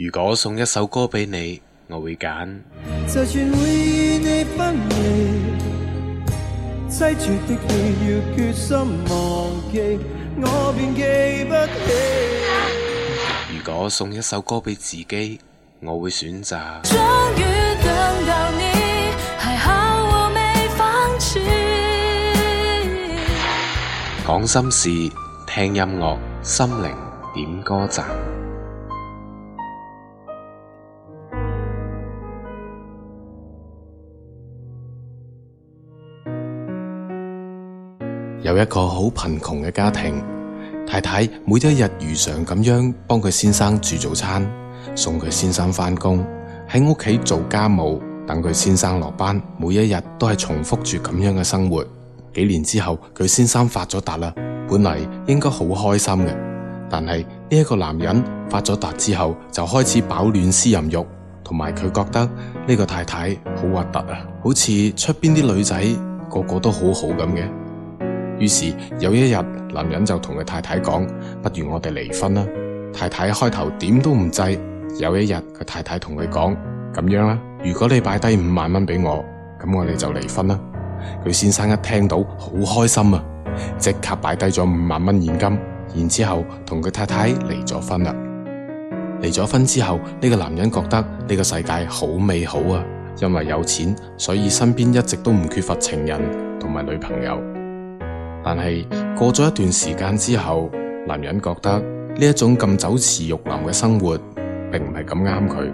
如果送一首歌給你，我會揀。如果我送一首歌給自己，我會選擇。講心事，聽音樂，心靈點歌站。有一個好貧窮嘅家庭，太太每一日如常咁樣幫佢先生煮早餐，送佢先生翻工，喺屋企做家務，等佢先生落班，每一日都係重複住咁樣嘅生活。幾年之後，佢先生發咗達啦，本嚟應該好開心嘅，但係呢一個男人發咗達之後，就開始飽暖思淫欲，同埋佢覺得呢個太太好核突啊，好似出邊啲女仔個個都好好咁嘅。於是有一日，男人就同佢太太講：不如我哋離婚啦！太太開頭點都唔制。有一日，佢太太同佢講：咁樣啦，如果你擺低五萬蚊俾我，咁我哋就離婚啦！佢先生一聽到好開心啊，即刻擺低咗五萬蚊現金，然之後同佢太太離咗婚啦。離咗婚之後，呢個男人覺得呢個世界好美好啊，因為有錢，所以身邊一直都唔缺乏情人同埋女朋友。但係過咗一段時間之後，男人覺得呢一種咁酒池肉林嘅生活，並唔係咁啱佢。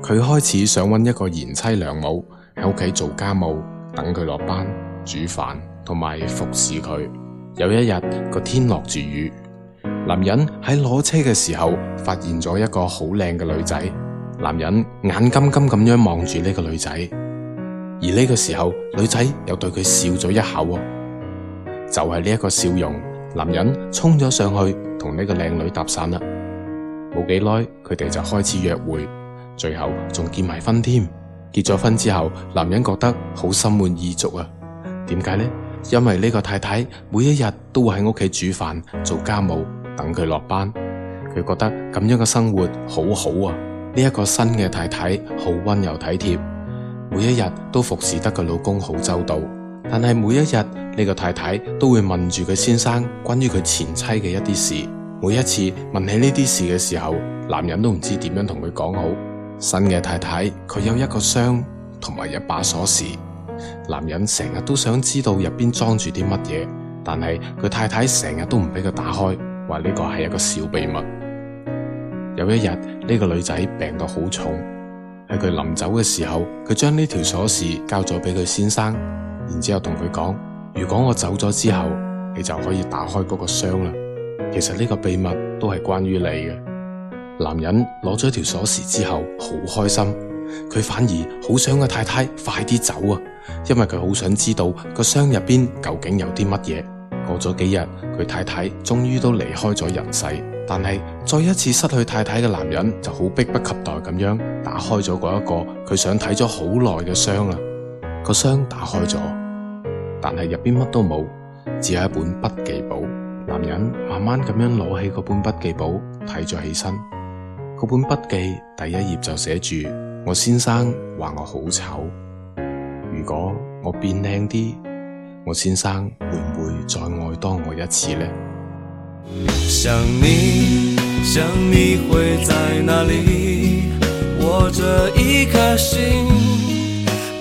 佢開始想搵一個賢妻良母喺屋企做家務，等佢落班煮飯同埋服侍佢。有一日個天落住雨，男人喺攞車嘅時候，發現咗一個好靚嘅女仔。男人眼金金咁樣望住呢個女仔，而呢個時候，女仔又對佢笑咗一口。就係呢一個笑容，男人衝咗上去同呢個靚女搭訕啦。冇幾耐，佢哋就開始約會，最後仲結埋婚添。結咗婚之後，男人覺得好心滿意足啊。點解呢？因為呢個太太每一日都會喺屋企煮飯、做家務、等佢落班。佢覺得咁樣嘅生活好好啊。呢一個新嘅太太好溫柔體貼，每一日都服侍得佢老公好周到。但係每一日，呢個太太都會問住佢先生關於佢前妻嘅一啲事。每一次問起呢啲事嘅時候，男人都唔知點樣同佢講好。新嘅太太佢有一個箱，同埋一把鎖匙，男人成日都想知道入邊裝住啲乜嘢，但係佢太太成日都唔俾佢打開，話呢個係一個小秘密。有一日，呢個女仔病到好重，喺佢臨走嘅時候，佢將呢條鎖匙交咗俾佢先生。然之後同佢講，如果我走咗之後，你就可以打開嗰個箱啦。其實呢個秘密都係關於你嘅。男人攞咗一條鎖匙之後，好開心。佢反而好想個太太快啲走啊，因為佢好想知道個箱入邊究竟有啲乜嘢。過咗幾日，佢太太終於都離開咗人世。但係再一次失去太太嘅男人就好迫不及待咁樣打開咗嗰一個佢想睇咗好耐嘅箱啦。個箱打開咗，但係入邊乜都冇，只有一本筆記簿。男人慢慢咁樣攞起嗰本筆記簿，睇咗起身。嗰本筆記第一頁就寫住：我先生話我好醜，如果我變靚啲，我先生會唔會再愛多我一次呢？想你想你會在哪裏？我這一顆心。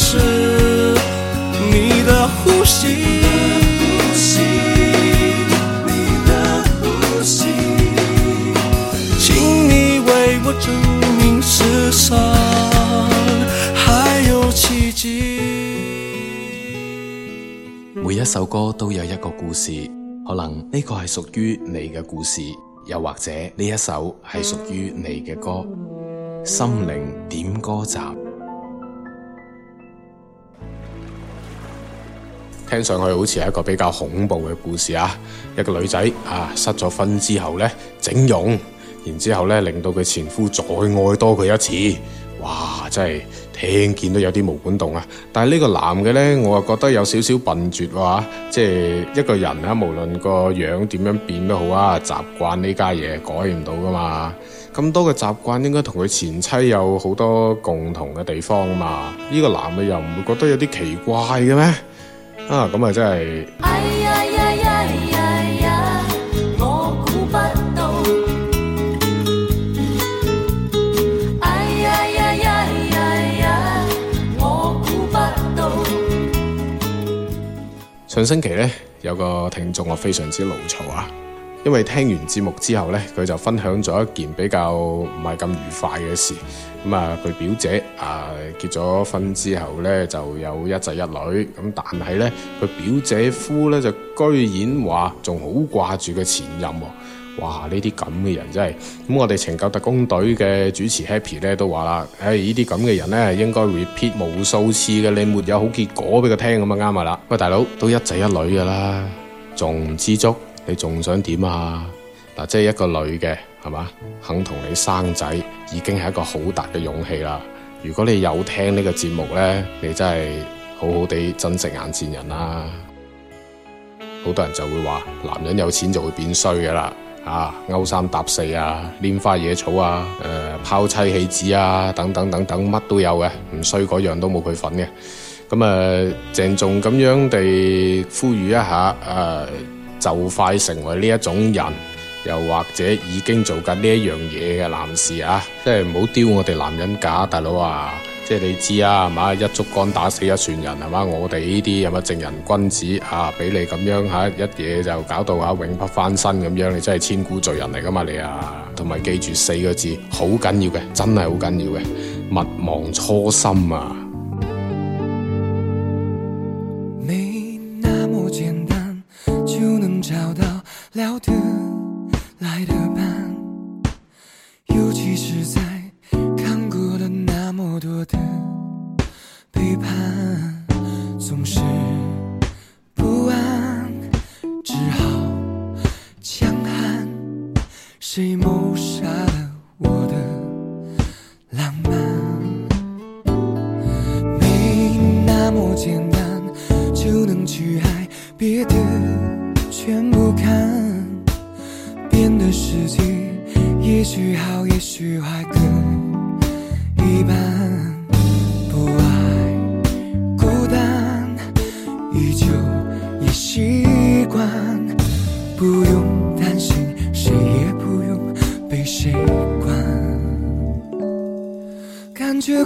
是你的呼吸，呼吸，你的呼吸，請你為我證明世上還有奇跡。每一首歌都有一個故事，可能呢個係屬於你嘅故事，又或者呢一首係屬於你嘅歌。心靈點歌集。聽上去好似係一個比較恐怖嘅故事啊！一個女仔啊，失咗婚之後呢，整容，然之後呢令到佢前夫再愛多佢一次，哇！真係聽見都有啲毛管動啊！但係呢個男嘅呢，我又覺得有少少笨拙啊！即係一個人啊，無論個樣點樣變都好啊，習慣呢家嘢改唔到噶嘛。咁多嘅習慣應該同佢前妻有好多共同嘅地方嘛？呢個男嘅又唔會覺得有啲奇怪嘅咩？啊，咁啊真係、哎哎哎哎哎！我估唔到，上星期呢，有個聽眾我非常之牢騷啊！因為聽完節目之後呢，佢就分享咗一件比較唔係咁愉快嘅事。咁啊，佢表姐啊結咗婚之後呢，就有一仔一女，咁但係呢，佢表姐夫呢就居然話仲好掛住佢前任。哇！呢啲咁嘅人真係。咁我哋情救特工隊嘅主持 Happy 呢都話啦，誒呢啲咁嘅人呢，應該 repeat 無數次嘅，你沒有好結果俾佢聽咁就啱噶啦。喂，大佬都一仔一女噶啦，仲唔知足？你仲想點啊？嗱，即係一個女嘅，係嘛，肯同你生仔，已經係一個好大嘅勇氣啦。如果你有聽呢個節目咧，你真係好好地珍惜眼前人啦。好、嗯、多人就會話，男人有錢就會變衰嘅啦，啊，勾三搭四啊，拈花惹草啊，誒、呃，拋妻棄子啊，等等等等，乜都有嘅，唔衰嗰樣都冇佢份嘅。咁啊，鄭重咁樣地呼籲一下，誒、呃。就快成為呢一種人，又或者已經做緊呢一樣嘢嘅男士啊，即係唔好丟我哋男人架，大佬啊，即係你知啊，啊，係嘛，一竹竿打死一船人，我哋呢啲正人君子啊，俾你咁樣一嘢就搞到，啊，永不翻身咁樣，你真係千古罪人嚟的嘛你啊，同埋記住四個字，好緊要嘅，真係好緊要嘅，勿忘初心啊！誰謀殺了我的浪漫？沒那麼簡單就能去愛別的，全不看變得實際，也許好，也許壞，各一半。不愛孤單，依舊也習慣，不用。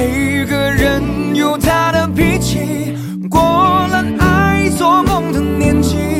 每個人有他的脾氣，過了愛做夢的年紀。